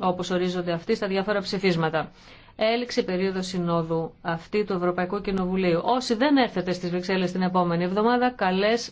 όπως ορίζονται αυτοί στα διάφορα ψηφίσματα. Έληξε η περίοδος συνόδου αυτή του Ευρωπαϊκού Κοινοβουλίου. Όσοι δεν έρθετε στις Βρυξέλλες την επόμενη εβδομάδα, καλές